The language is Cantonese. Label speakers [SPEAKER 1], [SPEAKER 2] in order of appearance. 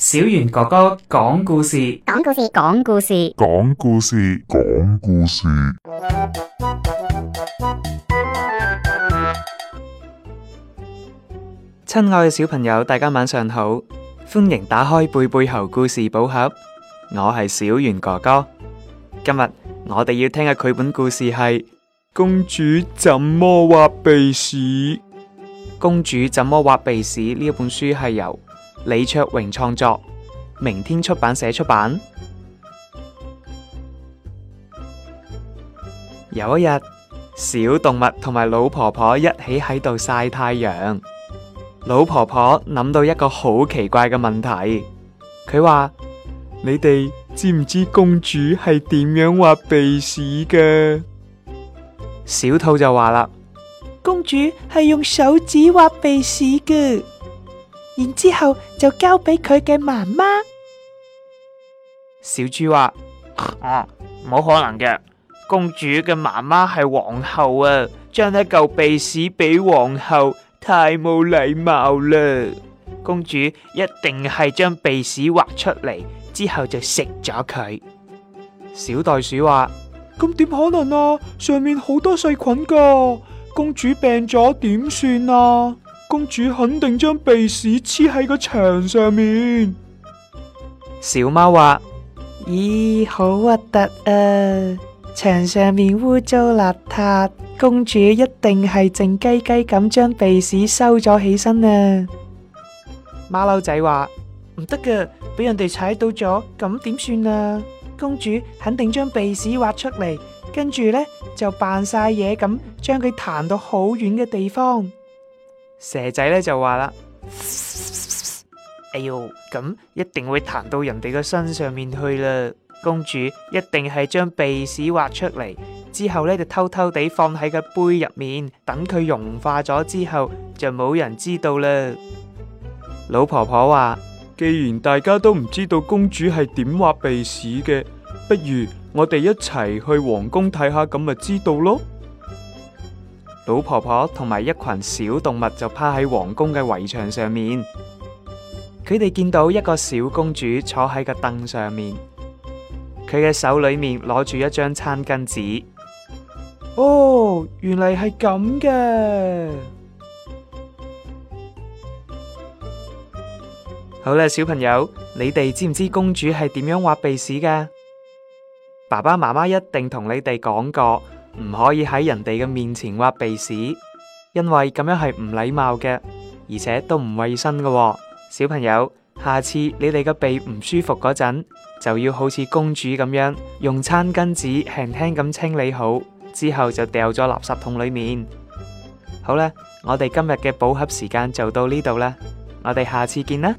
[SPEAKER 1] 小圓哥哥講故事，
[SPEAKER 2] 講故事，講故事，
[SPEAKER 1] 講故事，講故事，
[SPEAKER 2] 講
[SPEAKER 1] 故事。親愛嘅小朋友，大家晚上好，歡迎打開貝貝猴故事寶盒，我係小圓哥哥。今日我哋要聽嘅繪本故事係公主怎麼挖鼻屎。公主怎麼挖鼻屎呢？本書係由。李卓穎創作，明天出版社出版。有一日，小動物同埋老婆婆一起喺度晒太陽。老婆婆諗到一個好奇怪嘅問題，佢話：你哋知唔知公主係點樣畫鼻屎嘅？小兔就話啦：
[SPEAKER 2] 公主係用手指畫鼻屎嘅。然之後就交俾佢嘅媽媽。
[SPEAKER 1] 小豬話：哦、呃，冇可能嘅，公主嘅媽媽係皇后啊，將一舊鼻屎俾皇后，太冇禮貌啦。公主一定係將鼻屎挖出嚟之後就食咗佢。小袋鼠話：
[SPEAKER 2] 咁點可能啊？上面好多細菌噶，公主病咗點算啊？公主肯定將鼻屎黐喺個牆上面。
[SPEAKER 1] 小貓話，
[SPEAKER 2] 咦，好核突啊！牆上面污糟邋遢，公主一定係靜雞雞咁將鼻屎收咗起身啊！
[SPEAKER 1] 馬騮仔話：唔得
[SPEAKER 2] 噶，俾人哋踩到咗，咁點算啊？公主肯定將鼻屎挖出嚟，跟住呢就扮晒嘢咁將佢彈到好遠嘅地方。
[SPEAKER 1] 蛇仔咧就話啦：哎喲，咁一定會彈到人哋嘅身上面去啦。公主一定係將鼻屎挖出嚟，之後咧就偷偷地放喺個杯入面，等佢融化咗之後，就冇人知道啦。老婆婆話：既然大家都唔知道公主係點挖鼻屎嘅，不如我哋一齊去皇宮睇下，咁咪知道咯。老婆婆同埋一群小動物就趴喺皇宮嘅圍牆上面，佢哋見到一個小公主坐喺個凳上面，佢嘅手裏面攞住一張餐巾紙。
[SPEAKER 2] 哦，原嚟係咁嘅。
[SPEAKER 1] 好啦，小朋友，你哋知唔知公主係點樣挖鼻屎噶爸爸媽媽一定同你哋講過。唔可以喺人哋嘅面前挖鼻屎，因為咁樣係唔禮貌嘅，而且都唔衛生噶喎。小朋友，下次你哋嘅鼻唔舒服嗰陣，就要好似公主咁樣用餐巾紙輕輕咁清理好，之後就掉咗垃圾桶裏面。好啦，我哋今日嘅寶盒時間就到呢度啦，我哋下次見啦。